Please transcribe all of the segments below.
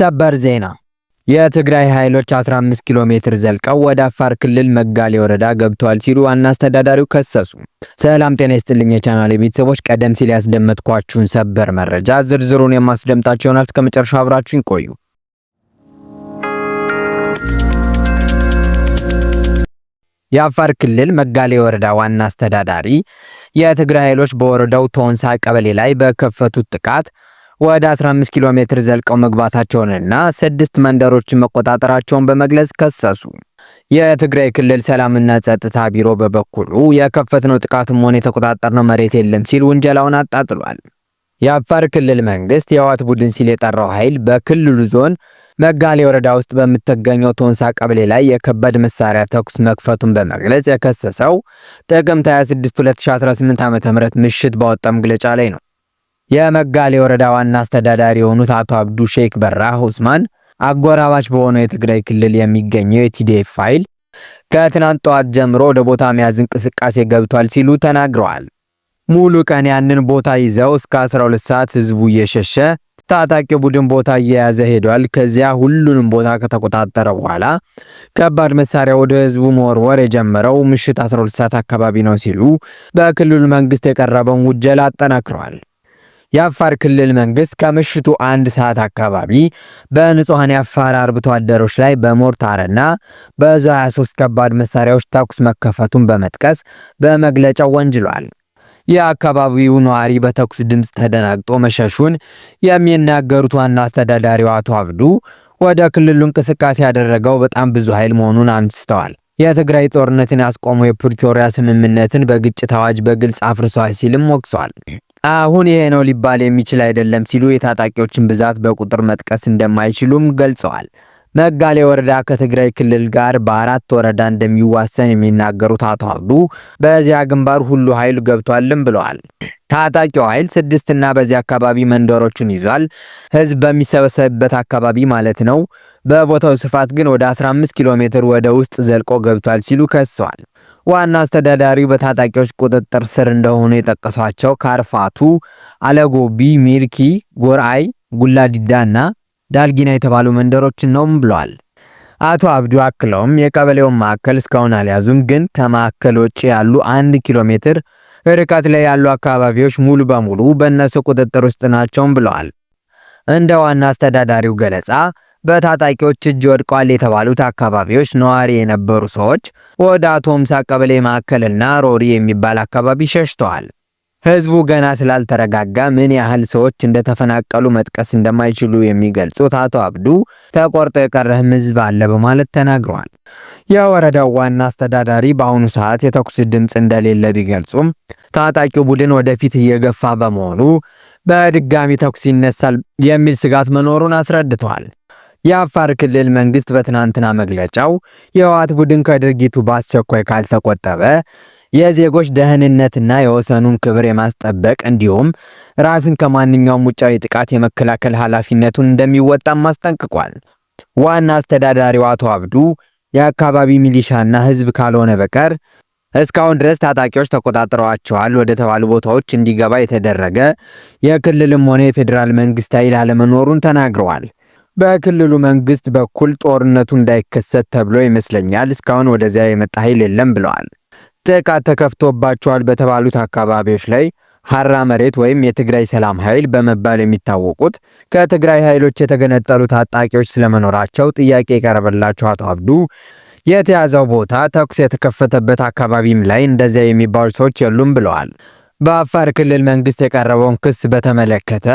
ሰበር ዜና የትግራይ ኃይሎች 15 ኪሎ ሜትር ዘልቀው ወደ አፋር ክልል መጋሌ ወረዳ ገብተዋል ሲሉ ዋና አስተዳዳሪው ከሰሱ። ሰላም ጤና ይስጥልኝ የቻናል ቤተሰቦች፣ ቀደም ሲል ያስደመጥኳችሁን ሰበር መረጃ ዝርዝሩን የማስደምጣችሁ ይሆናል። እስከ መጨረሻ አብራችሁን ቆዩ። የአፋር ክልል መጋሌ ወረዳ ዋና አስተዳዳሪ የትግራይ ኃይሎች በወረዳው ቶንሳ ቀበሌ ላይ በከፈቱት ጥቃት ወደ 15 ኪሎ ሜትር ዘልቀው መግባታቸውንና ስድስት መንደሮችን መቆጣጠራቸውን በመግለጽ ከሰሱ። የትግራይ ክልል ሰላምና ጸጥታ ቢሮ በበኩሉ የከፈትነው ጥቃትም ሆነ የተቆጣጠርነው መሬት የለም ሲል ውንጀላውን አጣጥሏል። የአፋር ክልል መንግስት የህወሓት ቡድን ሲል የጠራው ኃይል በክልሉ ዞን መጋሌ ወረዳ ውስጥ በምትገኘው ቶንሳ ቀበሌ ላይ የከባድ መሳሪያ ተኩስ መክፈቱን በመግለጽ የከሰሰው ጥቅምት 26 2018 ዓ.ም ምሽት ባወጣ መግለጫ ላይ ነው። የመጋሌ ወረዳ ዋና አስተዳዳሪ የሆኑት አቶ አብዱ ሼክ በራህ ኡስማን አጎራባች በሆነው የትግራይ ክልል የሚገኘው የቲዲኤፍ ኃይል ከትናንት ጠዋት ጀምሮ ወደ ቦታ መያዝ እንቅስቃሴ ገብቷል ሲሉ ተናግረዋል። ሙሉ ቀን ያንን ቦታ ይዘው እስከ 12 ሰዓት ህዝቡ እየሸሸ ታጣቂ ቡድን ቦታ እየያዘ ሄዷል። ከዚያ ሁሉንም ቦታ ከተቆጣጠረ በኋላ ከባድ መሳሪያ ወደ ህዝቡ መወርወር የጀመረው ምሽት 12 ሰዓት አካባቢ ነው ሲሉ በክልሉ መንግስት የቀረበውን ውንጀላ አጠናክረዋል። የአፋር ክልል መንግስት ከምሽቱ አንድ ሰዓት አካባቢ በንጹሐን የአፋር አርብቶ አደሮች ላይ በሞርታርና በዙ 23 ከባድ መሳሪያዎች ተኩስ መከፈቱን በመጥቀስ በመግለጫው ወንጅሏል። የአካባቢው ነዋሪ በተኩስ ድምፅ ተደናግጦ መሸሹን የሚናገሩት ዋና አስተዳዳሪው አቶ አብዱ ወደ ክልሉ እንቅስቃሴ ያደረገው በጣም ብዙ ኃይል መሆኑን አንስተዋል። የትግራይ ጦርነትን ያስቆመው የፕሪቶሪያ ስምምነትን በግጭት አዋጅ በግልጽ አፍርሷል ሲልም ወቅሷል። አሁን ይሄ ነው ሊባል የሚችል አይደለም ሲሉ የታጣቂዎችን ብዛት በቁጥር መጥቀስ እንደማይችሉም ገልጸዋል። መጋሌ ወረዳ ከትግራይ ክልል ጋር በአራት ወረዳ እንደሚዋሰን የሚናገሩት አቶ አብዱ በዚያ ግንባር ሁሉ ኃይል ገብቷልም ብለዋል። ታጣቂው ኃይል ስድስትና በዚያ አካባቢ መንደሮቹን ይዟል። ህዝብ በሚሰበሰብበት አካባቢ ማለት ነው። በቦታው ስፋት ግን ወደ 15 ኪሎ ሜትር ወደ ውስጥ ዘልቆ ገብቷል ሲሉ ከሰዋል። ዋና አስተዳዳሪው በታጣቂዎች ቁጥጥር ስር እንደሆኑ የጠቀሷቸው ካርፋቱ፣ አለጎቢ፣ ሚርኪ፣ ጎርአይ፣ ጉላዲዳ እና ዳልጊና የተባሉ መንደሮችን ነው ብለዋል። አቶ አብዱ አክለውም የቀበሌውን ማዕከል እስካሁን አልያዙም፣ ግን ከማዕከል ውጭ ያሉ አንድ ኪሎ ሜትር ርቀት ላይ ያሉ አካባቢዎች ሙሉ በሙሉ በእነሱ ቁጥጥር ውስጥ ናቸውም ብለዋል። እንደ ዋና አስተዳዳሪው ገለጻ በታጣቂዎች እጅ ወድቋል የተባሉት አካባቢዎች ነዋሪ የነበሩ ሰዎች ወደ አቶ ምሳ ቀበሌ ማዕከልና ሮሪ የሚባል አካባቢ ሸሽተዋል። ህዝቡ ገና ስላልተረጋጋ ምን ያህል ሰዎች እንደተፈናቀሉ መጥቀስ እንደማይችሉ የሚገልጹት አቶ አብዱ ተቆርጦ የቀረህም ህዝብ አለ በማለት ተናግረዋል። የወረዳው ዋና አስተዳዳሪ በአሁኑ ሰዓት የተኩስ ድምፅ እንደሌለ ቢገልጹም ታጣቂው ቡድን ወደፊት እየገፋ በመሆኑ በድጋሚ ተኩስ ይነሳል የሚል ስጋት መኖሩን አስረድተዋል። የአፋር ክልል መንግስት በትናንትና መግለጫው የህወሓት ቡድን ከድርጊቱ በአስቸኳይ ካልተቆጠበ የዜጎች ደህንነትና የወሰኑን ክብር የማስጠበቅ እንዲሁም ራስን ከማንኛውም ውጫዊ ጥቃት የመከላከል ኃላፊነቱን እንደሚወጣም አስጠንቅቋል። ዋና አስተዳዳሪው አቶ አብዱ የአካባቢ ሚሊሻና ህዝብ ካልሆነ በቀር እስካሁን ድረስ ታጣቂዎች ተቆጣጥረዋቸዋል ወደ ተባሉ ቦታዎች እንዲገባ የተደረገ የክልልም ሆነ የፌዴራል መንግስት ኃይል አለመኖሩን ተናግረዋል። በክልሉ መንግስት በኩል ጦርነቱ እንዳይከሰት ተብሎ ይመስለኛል እስካሁን ወደዚያ የመጣ ኃይል የለም ብለዋል። ጥቃት ተከፍቶባቸዋል በተባሉት አካባቢዎች ላይ ሀራ መሬት ወይም የትግራይ ሰላም ኃይል በመባል የሚታወቁት ከትግራይ ኃይሎች የተገነጠሉ ታጣቂዎች ስለመኖራቸው ጥያቄ የቀረበላቸው አቶ አብዱ የተያዘው ቦታ ተኩስ የተከፈተበት አካባቢም ላይ እንደዚያ የሚባሉ ሰዎች የሉም ብለዋል። በአፋር ክልል መንግስት የቀረበውን ክስ በተመለከተ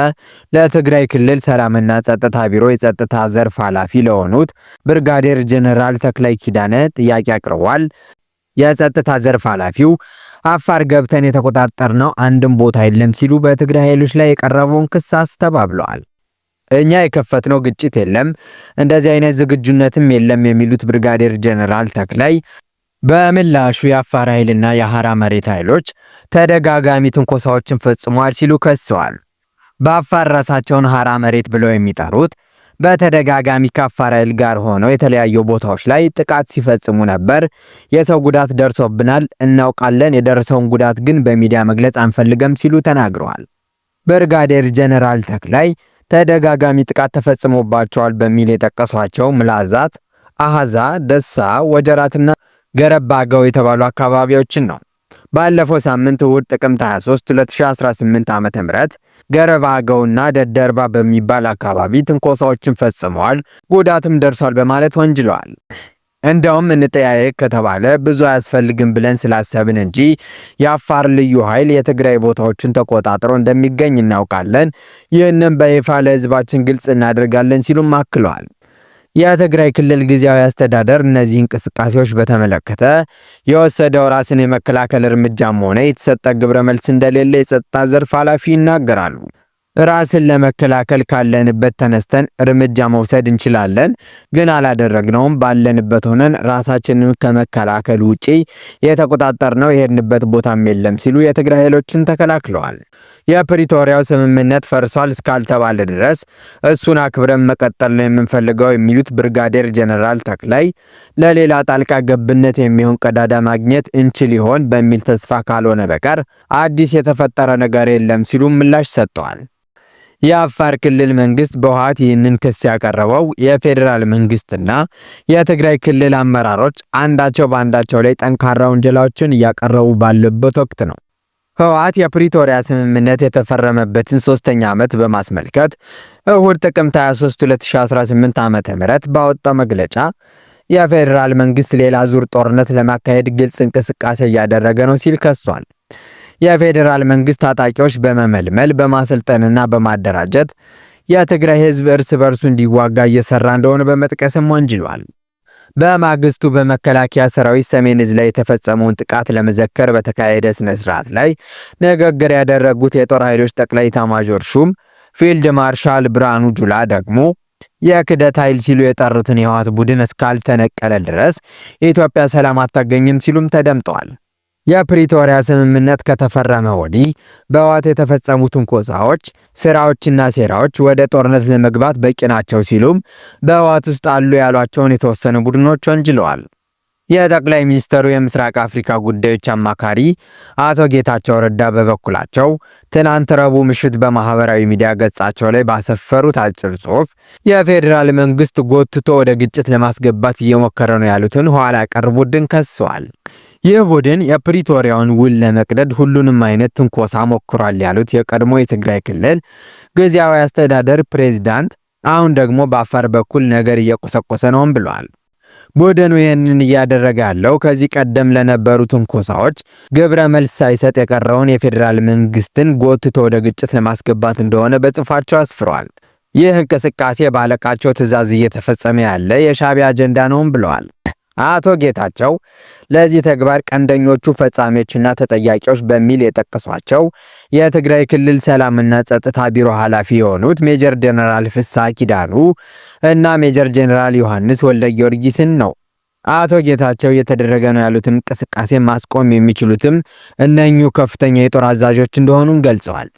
ለትግራይ ክልል ሰላምና ጸጥታ ቢሮ የጸጥታ ዘርፍ ኃላፊ ለሆኑት ብርጋዴር ጀኔራል ተክላይ ኪዳነ ጥያቄ አቅርቧል። የጸጥታ ዘርፍ ኃላፊው አፋር ገብተን የተቆጣጠርነው አንድም ቦታ የለም ሲሉ በትግራይ ኃይሎች ላይ የቀረበውን ክስ አስተባብለዋል። እኛ የከፈትነው ግጭት የለም፣ እንደዚህ አይነት ዝግጁነትም የለም የሚሉት ብርጋዴር ጀኔራል ተክላይ በምላሹ የአፋር ኃይልና የሐራ መሬት ኃይሎች ተደጋጋሚ ትንኮሳዎችን ፈጽሟል ሲሉ ከሰዋል። በአፋር ራሳቸውን ሐራ መሬት ብለው የሚጠሩት በተደጋጋሚ ከአፋር ኃይል ጋር ሆነው የተለያዩ ቦታዎች ላይ ጥቃት ሲፈጽሙ ነበር። የሰው ጉዳት ደርሶብናል፣ እናውቃለን፣ የደረሰውን ጉዳት ግን በሚዲያ መግለጽ አንፈልገም ሲሉ ተናግረዋል። ብርጋዴር ጀነራል ተክላይ ተደጋጋሚ ጥቃት ተፈጽሞባቸዋል በሚል የጠቀሷቸው ምላዛት፣ አሃዛ፣ ደሳ፣ ወጀራትና ገረብ አገው የተባሉ አካባቢዎችን ነው። ባለፈው ሳምንት እሁድ ጥቅምት 23 2018 ዓ.ም ገረብ አገውና ደደርባ በሚባል አካባቢ ትንኮሳዎችን ፈጽመዋል፣ ጉዳትም ደርሷል በማለት ወንጅለዋል። እንደውም እንጠያየቅ ከተባለ ብዙ አያስፈልግም ብለን ስላሰብን እንጂ የአፋር ልዩ ኃይል የትግራይ ቦታዎችን ተቆጣጥሮ እንደሚገኝ እናውቃለን። ይህንም በይፋ ለህዝባችን ግልጽ እናደርጋለን ሲሉም አክለዋል። የትግራይ ክልል ጊዜያዊ አስተዳደር እነዚህ እንቅስቃሴዎች በተመለከተ የወሰደው ራስን የመከላከል እርምጃም ሆነ የተሰጠ ግብረ መልስ እንደሌለ የጸጥታ ዘርፍ ኃላፊ ይናገራሉ። ራስን ለመከላከል ካለንበት ተነስተን እርምጃ መውሰድ እንችላለን፣ ግን አላደረግነውም። ባለንበት ሆነን ራሳችንን ከመከላከል ውጪ የተቆጣጠርነው የሄድንበት ቦታም የለም ሲሉ የትግራይ ኃይሎችን ተከላክለዋል። የፕሪቶሪያው ስምምነት ፈርሷል እስካልተባለ ድረስ እሱን አክብረን መቀጠል ነው የምንፈልገው የሚሉት ብርጋዴር ጀነራል ተክላይ ለሌላ ጣልቃ ገብነት የሚሆን ቀዳዳ ማግኘት እንችል ይሆን በሚል ተስፋ ካልሆነ በቀር አዲስ የተፈጠረ ነገር የለም ሲሉ ምላሽ ሰጥተዋል። የአፋር ክልል መንግስት በውሃት ይህንን ክስ ያቀረበው የፌዴራል መንግስትና የትግራይ ክልል አመራሮች አንዳቸው በአንዳቸው ላይ ጠንካራ ውንጀላዎችን እያቀረቡ ባለበት ወቅት ነው። ህወሓት የፕሪቶሪያ ስምምነት የተፈረመበትን ሶስተኛ ዓመት በማስመልከት እሁድ ጥቅምት 23 2018 ዓ ም ባወጣው መግለጫ የፌዴራል መንግስት ሌላ ዙር ጦርነት ለማካሄድ ግልጽ እንቅስቃሴ እያደረገ ነው ሲል ከሷል። የፌዴራል መንግስት ታጣቂዎች በመመልመል በማሰልጠንና በማደራጀት የትግራይ ህዝብ እርስ በርሱ እንዲዋጋ እየሰራ እንደሆነ በመጥቀስም ወንጅሏል። በማግስቱ በመከላከያ ሰራዊት ሰሜን እዝ ላይ የተፈጸመውን ጥቃት ለመዘከር በተካሄደ ስነ ስርዓት ላይ ንግግር ያደረጉት የጦር ኃይሎች ጠቅላይ ኤታማዦር ሹም ፊልድ ማርሻል ብርሃኑ ጁላ ደግሞ የክደት ኃይል ሲሉ የጠሩትን የህወሓት ቡድን እስካልተነቀለ ድረስ የኢትዮጵያ ሰላም አታገኝም ሲሉም ተደምጠዋል። የፕሪቶሪያ ስምምነት ከተፈረመ ወዲህ በህወሓት የተፈጸሙ ትንኮሳዎች፣ ስራዎችና ሴራዎች ወደ ጦርነት ለመግባት በቂ ናቸው ሲሉም በህወሓት ውስጥ አሉ ያሏቸውን የተወሰኑ ቡድኖች ወንጅለዋል። የጠቅላይ ሚኒስትሩ የምስራቅ አፍሪካ ጉዳዮች አማካሪ አቶ ጌታቸው ረዳ በበኩላቸው ትናንት ረቡዕ ምሽት በማህበራዊ ሚዲያ ገጻቸው ላይ ባሰፈሩት አጭር ጽሑፍ የፌዴራል መንግስት ጎትቶ ወደ ግጭት ለማስገባት እየሞከረ ነው ያሉትን ኋላ ቀር ቡድን ከሰዋል። ይህ ቡድን የፕሪቶሪያውን ውል ለመቅደድ ሁሉንም አይነት ትንኮሳ ሞክሯል ያሉት የቀድሞ የትግራይ ክልል ጊዜያዊ አስተዳደር ፕሬዚዳንት፣ አሁን ደግሞ በአፋር በኩል ነገር እየቆሰቆሰ ነውም ብለዋል። ቡድኑ ይህንን እያደረገ ያለው ከዚህ ቀደም ለነበሩ ትንኮሳዎች ግብረ መልስ ሳይሰጥ የቀረውን የፌዴራል መንግስትን ጎትቶ ወደ ግጭት ለማስገባት እንደሆነ በጽሑፋቸው አስፍሯል። ይህ እንቅስቃሴ በአለቃቸው ትዕዛዝ እየተፈጸመ ያለ የሻቢያ አጀንዳ ነውም ብለዋል። አቶ ጌታቸው ለዚህ ተግባር ቀንደኞቹ ፈጻሚዎችና ተጠያቂዎች በሚል የጠቀሷቸው የትግራይ ክልል ሰላምና ጸጥታ ቢሮ ኃላፊ የሆኑት ሜጀር ጀነራል ፍሳ ኪዳኑ እና ሜጀር ጀነራል ዮሐንስ ወልደ ጊዮርጊስን ነው። አቶ ጌታቸው እየተደረገ ነው ያሉት እንቅስቃሴ ማስቆም የሚችሉትም እነኙ ከፍተኛ የጦር አዛዦች እንደሆኑም ገልጸዋል።